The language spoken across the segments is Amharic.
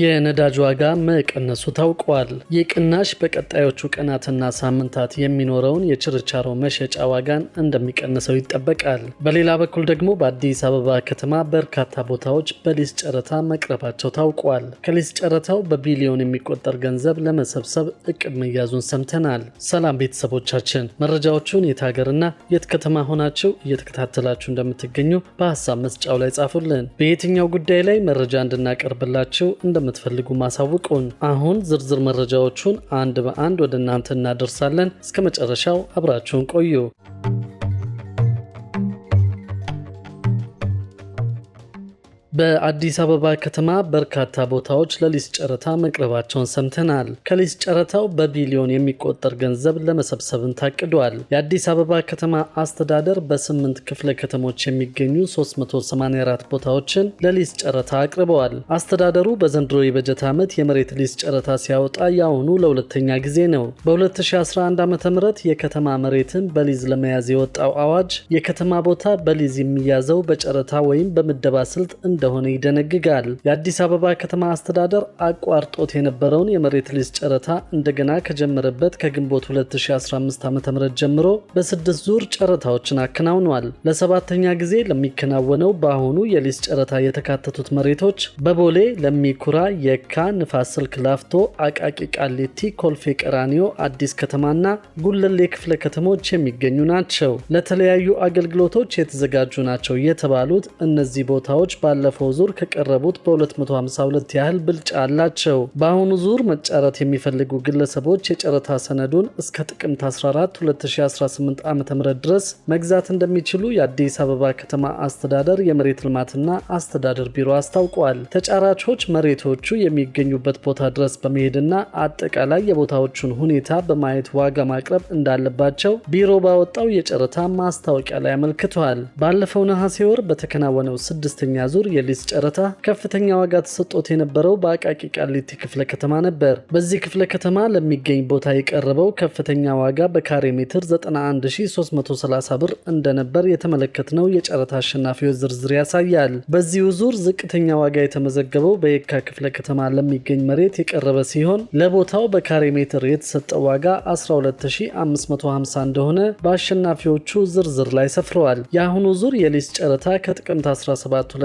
የነዳጅ ዋጋ መቀነሱ ታውቋል። ይህ ቅናሽ በቀጣዮቹ ቀናትና ሳምንታት የሚኖረውን የችርቻሮ መሸጫ ዋጋን እንደሚቀንሰው ይጠበቃል። በሌላ በኩል ደግሞ በአዲስ አበባ ከተማ በርካታ ቦታዎች በሊዝ ጨረታ መቅረባቸው ታውቋል። ከሊዝ ጨረታው በቢሊዮን የሚቆጠር ገንዘብ ለመሰብሰብ እቅድ መያዙን ሰምተናል። ሰላም ቤተሰቦቻችን፣ መረጃዎቹን የት ሀገርና የት ከተማ ሆናችሁ እየተከታተላችሁ እንደምትገኙ በሀሳብ መስጫው ላይ ጻፉልን። በየትኛው ጉዳይ ላይ መረጃ እንድናቀርብላችሁ እንደ እንደምትፈልጉ ማሳውቁን። አሁን ዝርዝር መረጃዎቹን አንድ በአንድ ወደ እናንተ እናደርሳለን። እስከ መጨረሻው አብራችሁን ቆዩ። በአዲስ አበባ ከተማ በርካታ ቦታዎች ለሊዝ ጨረታ መቅረባቸውን ሰምተናል። ከሊዝ ጨረታው በቢሊዮን የሚቆጠር ገንዘብ ለመሰብሰብን ታቅዷል። የአዲስ አበባ ከተማ አስተዳደር በስምንት ክፍለ ከተሞች የሚገኙ 384 ቦታዎችን ለሊዝ ጨረታ አቅርበዋል። አስተዳደሩ በዘንድሮ የበጀት ዓመት የመሬት ሊዝ ጨረታ ሲያወጣ ያሁኑ ለሁለተኛ ጊዜ ነው። በ2011 ዓ ም የከተማ መሬትን በሊዝ ለመያዝ የወጣው አዋጅ የከተማ ቦታ በሊዝ የሚያዘው በጨረታ ወይም በምደባ ስልት እንደሆነ ይደነግጋል። የአዲስ አበባ ከተማ አስተዳደር አቋርጦት የነበረውን የመሬት ሊዝ ጨረታ እንደገና ከጀመረበት ከግንቦት 2015 ዓ.ም ጀምሮ በስድስት ዙር ጨረታዎችን አከናውኗል። ለሰባተኛ ጊዜ ለሚከናወነው በአሁኑ የሊዝ ጨረታ የተካተቱት መሬቶች በቦሌ ለሚኩራ፣ የካ፣ ንፋስ ስልክ ላፍቶ፣ አቃቂ ቃሊቲ፣ ኮልፌ ቀራኒዮ፣ አዲስ ከተማና ጉለሌ ክፍለ ከተሞች የሚገኙ ናቸው። ለተለያዩ አገልግሎቶች የተዘጋጁ ናቸው የተባሉት እነዚህ ቦታዎች ባለፈው ባለፈው ዙር ከቀረቡት በ252 ያህል ብልጫ አላቸው። በአሁኑ ዙር መጫረት የሚፈልጉ ግለሰቦች የጨረታ ሰነዱን እስከ ጥቅምት 14 2018 ዓ ም ድረስ መግዛት እንደሚችሉ የአዲስ አበባ ከተማ አስተዳደር የመሬት ልማትና አስተዳደር ቢሮ አስታውቋል። ተጫራቾች መሬቶቹ የሚገኙበት ቦታ ድረስ በመሄድና አጠቃላይ የቦታዎቹን ሁኔታ በማየት ዋጋ ማቅረብ እንዳለባቸው ቢሮ ባወጣው የጨረታ ማስታወቂያ ላይ አመልክቷል። ባለፈው ነሐሴ ወር በተከናወነው ስድስተኛ ዙር የሊዝ ጨረታ ከፍተኛ ዋጋ ተሰጥቶት የነበረው በአቃቂ ቃሊቲ ክፍለ ከተማ ነበር። በዚህ ክፍለ ከተማ ለሚገኝ ቦታ የቀረበው ከፍተኛ ዋጋ በካሬ ሜትር 91330 ብር እንደነበር የተመለከትነው የጨረታ አሸናፊዎች ዝርዝር ያሳያል። በዚሁ ዙር ዝቅተኛ ዋጋ የተመዘገበው በየካ ክፍለ ከተማ ለሚገኝ መሬት የቀረበ ሲሆን ለቦታው በካሬ ሜትር የተሰጠው ዋጋ 12550 እንደሆነ በአሸናፊዎቹ ዝርዝር ላይ ሰፍረዋል። የአሁኑ ዙር የሊዝ ጨረታ ከጥቅምት 17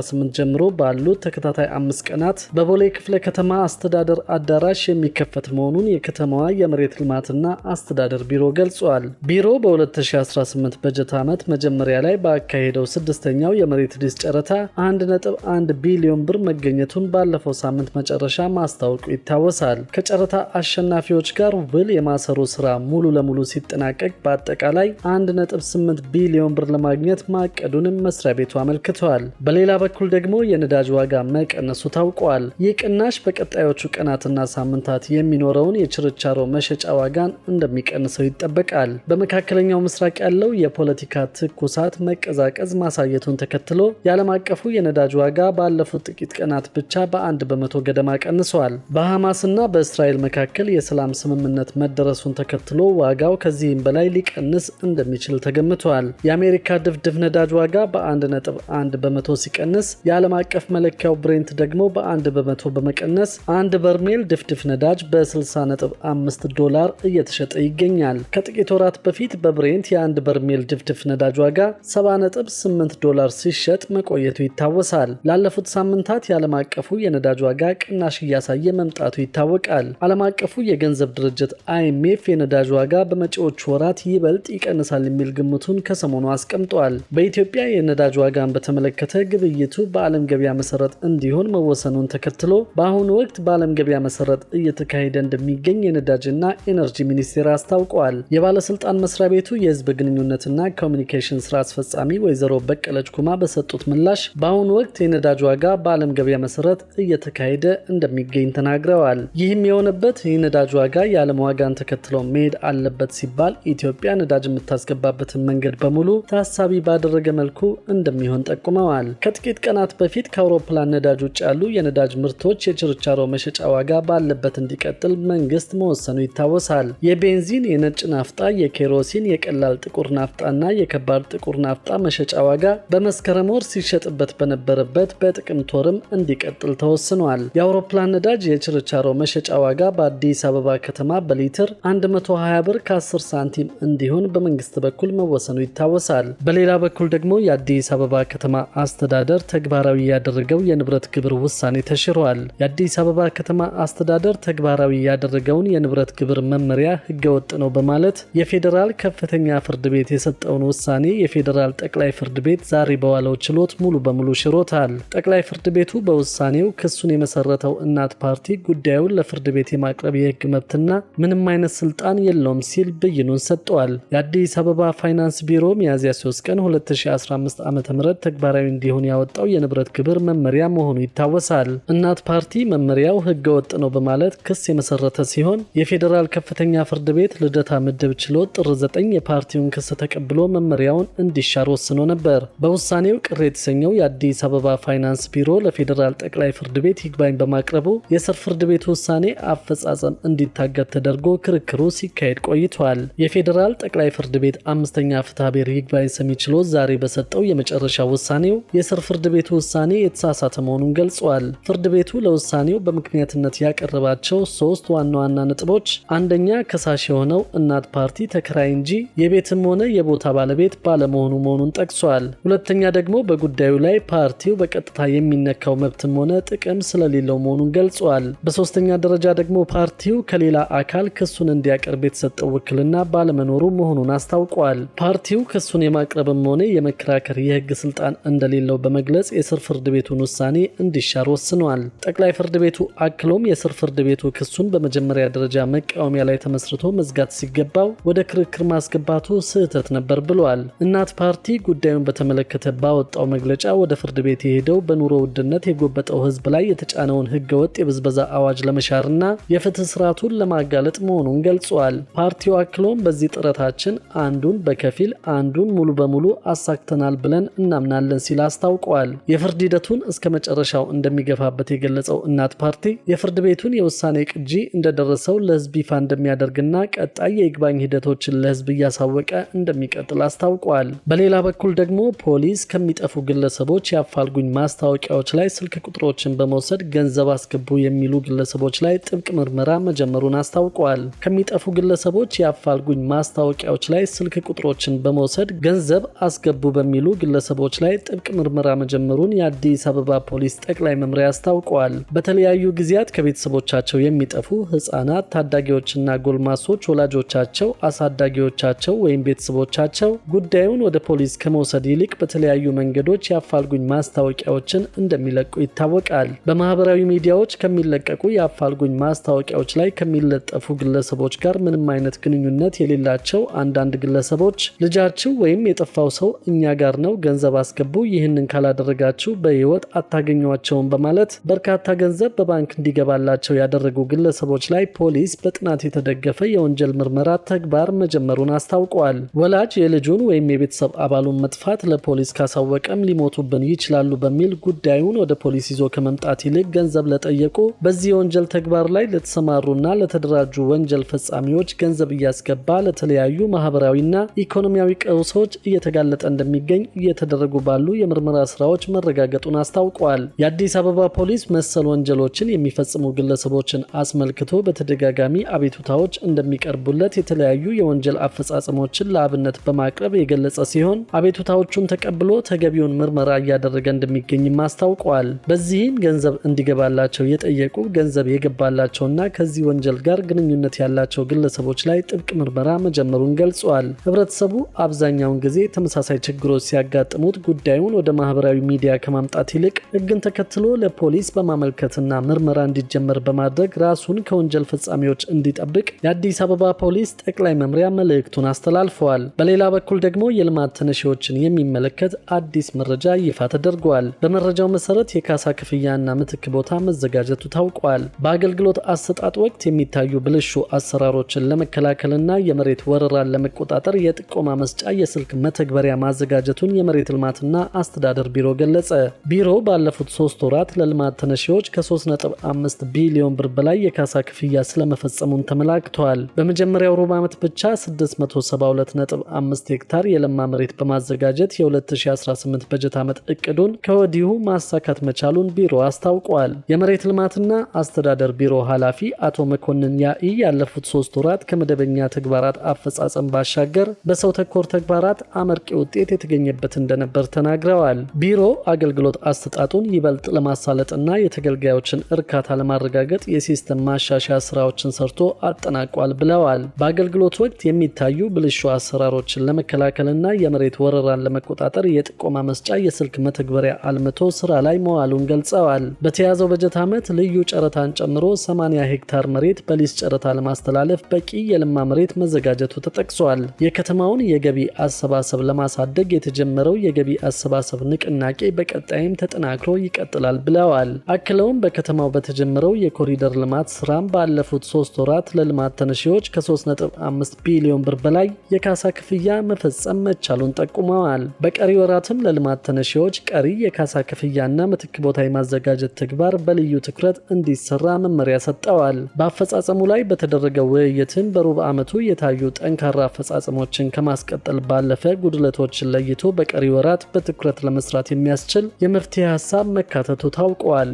2018 ጀምሮ ባሉት ተከታታይ አምስት ቀናት በቦሌ ክፍለ ከተማ አስተዳደር አዳራሽ የሚከፈት መሆኑን የከተማዋ የመሬት ልማትና አስተዳደር ቢሮ ገልጿል። ቢሮ በ2018 በጀት ዓመት መጀመሪያ ላይ ባካሄደው ስድስተኛው የመሬት ሊዝ ጨረታ 1.1 ቢሊዮን ብር መገኘቱን ባለፈው ሳምንት መጨረሻ ማስታወቁ ይታወሳል። ከጨረታ አሸናፊዎች ጋር ውል የማሰሩ ስራ ሙሉ ለሙሉ ሲጠናቀቅ በአጠቃላይ 1.8 ቢሊዮን ብር ለማግኘት ማቀዱንም መስሪያ ቤቱ አመልክቷል። በሌላ በኩል ደግሞ የነዳጅ ዋጋ መቀነሱ ታውቋል። ይህ ቅናሽ በቀጣዮቹ ቀናትና ሳምንታት የሚኖረውን የችርቻሮ መሸጫ ዋጋን እንደሚቀንሰው ይጠበቃል። በመካከለኛው ምስራቅ ያለው የፖለቲካ ትኩሳት መቀዛቀዝ ማሳየቱን ተከትሎ የዓለም አቀፉ የነዳጅ ዋጋ ባለፉት ጥቂት ቀናት ብቻ በአንድ በመቶ ገደማ ቀንሷል። በሐማስና በእስራኤል መካከል የሰላም ስምምነት መደረሱን ተከትሎ ዋጋው ከዚህም በላይ ሊቀንስ እንደሚችል ተገምቷል። የአሜሪካ ድፍድፍ ነዳጅ ዋጋ በ1.1 በመቶ ሲቀ በመቀነስ የዓለም አቀፍ መለኪያው ብሬንት ደግሞ በአንድ በመቶ በመቀነስ አንድ በርሜል ድፍድፍ ነዳጅ በ60.5 ዶላር እየተሸጠ ይገኛል። ከጥቂት ወራት በፊት በብሬንት የአንድ በርሜል ድፍድፍ ነዳጅ ዋጋ 70.8 ዶላር ሲሸጥ መቆየቱ ይታወሳል። ላለፉት ሳምንታት የዓለም አቀፉ የነዳጅ ዋጋ ቅናሽ እያሳየ መምጣቱ ይታወቃል። ዓለም አቀፉ የገንዘብ ድርጅት አይኤምኤፍ የነዳጅ ዋጋ በመጪዎቹ ወራት ይበልጥ ይቀንሳል የሚል ግምቱን ከሰሞኑ አስቀምጧል። በኢትዮጵያ የነዳጅ ዋጋን በተመለከተ ግብይ ግብይቱ በዓለም ገበያ መሰረት እንዲሆን መወሰኑን ተከትሎ በአሁኑ ወቅት በዓለም ገበያ መሰረት እየተካሄደ እንደሚገኝ የነዳጅና ኤነርጂ ሚኒስቴር አስታውቀዋል። የባለስልጣን መስሪያ ቤቱ የህዝብ ግንኙነትና ኮሚኒኬሽን ስራ አስፈጻሚ ወይዘሮ በቀለች ኩማ በሰጡት ምላሽ በአሁኑ ወቅት የነዳጅ ዋጋ በዓለም ገበያ መሰረት እየተካሄደ እንደሚገኝ ተናግረዋል። ይህም የሆነበት የነዳጅ ዋጋ የዓለም ዋጋን ተከትሎ መሄድ አለበት ሲባል ኢትዮጵያ ነዳጅ የምታስገባበትን መንገድ በሙሉ ታሳቢ ባደረገ መልኩ እንደሚሆን ጠቁመዋል። ከጥቂት ቀናት በፊት ከአውሮፕላን ነዳጅ ውጭ ያሉ የነዳጅ ምርቶች የችርቻሮ መሸጫ ዋጋ ባለበት እንዲቀጥል መንግስት መወሰኑ ይታወሳል። የቤንዚን፣ የነጭ ናፍጣ፣ የኬሮሲን፣ የቀላል ጥቁር ናፍጣና የከባድ ጥቁር ናፍጣ መሸጫ ዋጋ በመስከረም ወር ሲሸጥበት በነበረበት በጥቅምት ወርም እንዲቀጥል ተወስኗል። የአውሮፕላን ነዳጅ የችርቻሮ መሸጫ ዋጋ በአዲስ አበባ ከተማ በሊትር 120 ብር ከ10 ሳንቲም እንዲሆን በመንግስት በኩል መወሰኑ ይታወሳል። በሌላ በኩል ደግሞ የአዲስ አበባ ከተማ አስተዳደር አስተዳደር ተግባራዊ ያደረገው የንብረት ግብር ውሳኔ ተሽሯል። የአዲስ አበባ ከተማ አስተዳደር ተግባራዊ ያደረገውን የንብረት ግብር መመሪያ ህገወጥ ነው በማለት የፌዴራል ከፍተኛ ፍርድ ቤት የሰጠውን ውሳኔ የፌዴራል ጠቅላይ ፍርድ ቤት ዛሬ በዋለው ችሎት ሙሉ በሙሉ ሽሮታል። ጠቅላይ ፍርድ ቤቱ በውሳኔው ክሱን የመሰረተው እናት ፓርቲ ጉዳዩን ለፍርድ ቤት የማቅረብ የህግ መብትና ምንም አይነት ስልጣን የለውም ሲል ብይኑን ሰጥቷል። የአዲስ አበባ ፋይናንስ ቢሮ ሚያዝያ 3 ቀን 2015 ዓ ም ተግባራዊ እንዲሆን ያወ ያወጣው የንብረት ግብር መመሪያ መሆኑ ይታወሳል። እናት ፓርቲ መመሪያው ህገወጥ ነው በማለት ክስ የመሰረተ ሲሆን የፌዴራል ከፍተኛ ፍርድ ቤት ልደታ ምድብ ችሎት ጥር 9 የፓርቲውን ክስ ተቀብሎ መመሪያውን እንዲሻር ወስኖ ነበር። በውሳኔው ቅር የተሰኘው የአዲስ አበባ ፋይናንስ ቢሮ ለፌዴራል ጠቅላይ ፍርድ ቤት ይግባኝ በማቅረቡ የስር ፍርድ ቤት ውሳኔ አፈጻጸም እንዲታገድ ተደርጎ ክርክሩ ሲካሄድ ቆይቷል። የፌዴራል ጠቅላይ ፍርድ ቤት አምስተኛ ፍትሐ ብሔር ይግባኝ ሰሚ ችሎት ዛሬ በሰጠው የመጨረሻ ውሳኔው የስር የፍርድ ቤቱ ውሳኔ የተሳሳተ መሆኑን ገልጿል። ፍርድ ቤቱ ለውሳኔው በምክንያትነት ያቀረባቸው ሶስት ዋና ዋና ነጥቦች፣ አንደኛ ከሳሽ የሆነው እናት ፓርቲ ተከራይ እንጂ የቤትም ሆነ የቦታ ባለቤት ባለመሆኑ መሆኑን ጠቅሷል። ሁለተኛ ደግሞ በጉዳዩ ላይ ፓርቲው በቀጥታ የሚነካው መብትም ሆነ ጥቅም ስለሌለው መሆኑን ገልጿል። በሶስተኛ ደረጃ ደግሞ ፓርቲው ከሌላ አካል ክሱን እንዲያቀርብ የተሰጠው ውክልና ባለመኖሩ መሆኑን አስታውቋል። ፓርቲው ክሱን የማቅረብም ሆነ የመከራከር የህግ ስልጣን እንደሌለው በመ በመግለጽ የስር ፍርድ ቤቱን ውሳኔ እንዲሻር ወስነዋል። ጠቅላይ ፍርድ ቤቱ አክሎም የስር ፍርድ ቤቱ ክሱን በመጀመሪያ ደረጃ መቃወሚያ ላይ ተመስርቶ መዝጋት ሲገባው ወደ ክርክር ማስገባቱ ስህተት ነበር ብለዋል። እናት ፓርቲ ጉዳዩን በተመለከተ ባወጣው መግለጫ ወደ ፍርድ ቤት የሄደው በኑሮ ውድነት የጎበጠው ሕዝብ ላይ የተጫነውን ሕገወጥ የብዝበዛ አዋጅ ለመሻርና የፍትህ ስርዓቱን ለማጋለጥ መሆኑን ገልጿል። ፓርቲው አክሎም በዚህ ጥረታችን አንዱን በከፊል አንዱን ሙሉ በሙሉ አሳክተናል ብለን እናምናለን ሲል አስታውቋል። አስታውቋል። የፍርድ ሂደቱን እስከ መጨረሻው እንደሚገፋበት የገለጸው እናት ፓርቲ የፍርድ ቤቱን የውሳኔ ቅጂ እንደደረሰው ለህዝብ ይፋ እንደሚያደርግና ቀጣይ የይግባኝ ሂደቶችን ለህዝብ እያሳወቀ እንደሚቀጥል አስታውቋል። በሌላ በኩል ደግሞ ፖሊስ ከሚጠፉ ግለሰቦች የአፋልጉኝ ማስታወቂያዎች ላይ ስልክ ቁጥሮችን በመውሰድ ገንዘብ አስገቡ የሚሉ ግለሰቦች ላይ ጥብቅ ምርመራ መጀመሩን አስታውቋል። ከሚጠፉ ግለሰቦች የአፋልጉኝ ማስታወቂያዎች ላይ ስልክ ቁጥሮችን በመውሰድ ገንዘብ አስገቡ በሚሉ ግለሰቦች ላይ ጥብቅ ምርመራ መጀመሩን የአዲስ አበባ ፖሊስ ጠቅላይ መምሪያ አስታውቀዋል። በተለያዩ ጊዜያት ከቤተሰቦቻቸው የሚጠፉ ህጻናት፣ ታዳጊዎችና ጎልማሶች ወላጆቻቸው፣ አሳዳጊዎቻቸው ወይም ቤተሰቦቻቸው ጉዳዩን ወደ ፖሊስ ከመውሰድ ይልቅ በተለያዩ መንገዶች የአፋልጉኝ ማስታወቂያዎችን እንደሚለቁ ይታወቃል። በማህበራዊ ሚዲያዎች ከሚለቀቁ የአፋልጉኝ ማስታወቂያዎች ላይ ከሚለጠፉ ግለሰቦች ጋር ምንም አይነት ግንኙነት የሌላቸው አንዳንድ ግለሰቦች ልጃችሁ ወይም የጠፋው ሰው እኛ ጋር ነው፣ ገንዘብ አስገቡ፣ ይህንን ካ ካላደረጋችሁ በህይወት አታገኟቸውም በማለት በርካታ ገንዘብ በባንክ እንዲገባላቸው ያደረጉ ግለሰቦች ላይ ፖሊስ በጥናት የተደገፈ የወንጀል ምርመራ ተግባር መጀመሩን አስታውቋል። ወላጅ የልጁን ወይም የቤተሰብ አባሉን መጥፋት ለፖሊስ ካሳወቀም ሊሞቱብን ይችላሉ በሚል ጉዳዩን ወደ ፖሊስ ይዞ ከመምጣት ይልቅ ገንዘብ ለጠየቁ በዚህ የወንጀል ተግባር ላይ ለተሰማሩና ለተደራጁ ወንጀል ፈጻሚዎች ገንዘብ እያስገባ ለተለያዩ ማህበራዊና ኢኮኖሚያዊ ቀውሶች እየተጋለጠ እንደሚገኝ እየተደረጉ ባሉ የምርመራ ስራዎች መረጋገጡን አስታውቋል። የአዲስ አበባ ፖሊስ መሰል ወንጀሎችን የሚፈጽሙ ግለሰቦችን አስመልክቶ በተደጋጋሚ አቤቱታዎች እንደሚቀርቡለት የተለያዩ የወንጀል አፈጻጸሞችን ለአብነት በማቅረብ የገለጸ ሲሆን አቤቱታዎቹን ተቀብሎ ተገቢውን ምርመራ እያደረገ እንደሚገኝም አስታውቋል። በዚህም ገንዘብ እንዲገባላቸው የጠየቁ ገንዘብ የገባላቸውና ከዚህ ወንጀል ጋር ግንኙነት ያላቸው ግለሰቦች ላይ ጥብቅ ምርመራ መጀመሩን ገልጿል። ህብረተሰቡ አብዛኛውን ጊዜ ተመሳሳይ ችግሮች ሲያጋጥሙት ጉዳዩን ወደ ማህበ ማህበራዊ ሚዲያ ከማምጣት ይልቅ ህግን ተከትሎ ለፖሊስ በማመልከትና ምርመራ እንዲጀመር በማድረግ ራሱን ከወንጀል ፈጻሚዎች እንዲጠብቅ የአዲስ አበባ ፖሊስ ጠቅላይ መምሪያ መልእክቱን አስተላልፈዋል። በሌላ በኩል ደግሞ የልማት ተነሺዎችን የሚመለከት አዲስ መረጃ ይፋ ተደርጓል። በመረጃው መሰረት የካሳ ክፍያና ምትክ ቦታ መዘጋጀቱ ታውቋል። በአገልግሎት አሰጣጥ ወቅት የሚታዩ ብልሹ አሰራሮችን ለመከላከልና የመሬት ወረራን ለመቆጣጠር የጥቆማ መስጫ የስልክ መተግበሪያ ማዘጋጀቱን የመሬት ልማትና አስተዳደር ቢሮ ገለጸ። ቢሮ ባለፉት ሶስት ወራት ለልማት ተነሺዎች ከ3.5 ቢሊዮን ብር በላይ የካሳ ክፍያ ስለመፈጸሙን ተመላክተዋል። በመጀመሪያው ሩብ ዓመት ብቻ 672.5 ሄክታር የለማ መሬት በማዘጋጀት የ2018 በጀት ዓመት እቅዱን ከወዲሁ ማሳካት መቻሉን ቢሮ አስታውቋል። የመሬት ልማትና አስተዳደር ቢሮ ኃላፊ አቶ መኮንን ያኢ ያለፉት ሶስት ወራት ከመደበኛ ተግባራት አፈጻጸም ባሻገር በሰው ተኮር ተግባራት አመርቂ ውጤት የተገኘበት እንደነበር ተናግረዋል። ቢሮ አገልግሎት አሰጣጡን ይበልጥ ለማሳለጥና የተገልጋዮችን እርካታ ለማረጋገጥ የሲስተም ማሻሻያ ስራዎችን ሰርቶ አጠናቋል ብለዋል። በአገልግሎት ወቅት የሚታዩ ብልሹ አሰራሮችን ለመከላከልና የመሬት ወረራን ለመቆጣጠር የጥቆማ መስጫ የስልክ መተግበሪያ አልምቶ ስራ ላይ መዋሉን ገልጸዋል። በተያዘው በጀት ዓመት ልዩ ጨረታን ጨምሮ 80 ሄክታር መሬት በሊስ ጨረታ ለማስተላለፍ በቂ የለማ መሬት መዘጋጀቱ ተጠቅሷል። የከተማውን የገቢ አሰባሰብ ለማሳደግ የተጀመረው የገቢ አሰባሰብ ንቅ ንቅናቄ በቀጣይም ተጠናክሮ ይቀጥላል ብለዋል። አክለውም በከተማው በተጀመረው የኮሪደር ልማት ስራም ባለፉት ሶስት ወራት ለልማት ተነሺዎች ከ3.5 ቢሊዮን ብር በላይ የካሳ ክፍያ መፈጸም መቻሉን ጠቁመዋል። በቀሪ ወራትም ለልማት ተነሺዎች ቀሪ የካሳ ክፍያና ምትክ ቦታ የማዘጋጀት ተግባር በልዩ ትኩረት እንዲሰራ መመሪያ ሰጠዋል። በአፈጻጸሙ ላይ በተደረገው ውይይትም በሩብ ዓመቱ የታዩ ጠንካራ አፈጻጸሞችን ከማስቀጠል ባለፈ ጉድለቶችን ለይቶ በቀሪ ወራት በትኩረት ለመስራት ለመፍታት የሚያስችል የመፍትሄ ሀሳብ መካተቱ ታውቋል።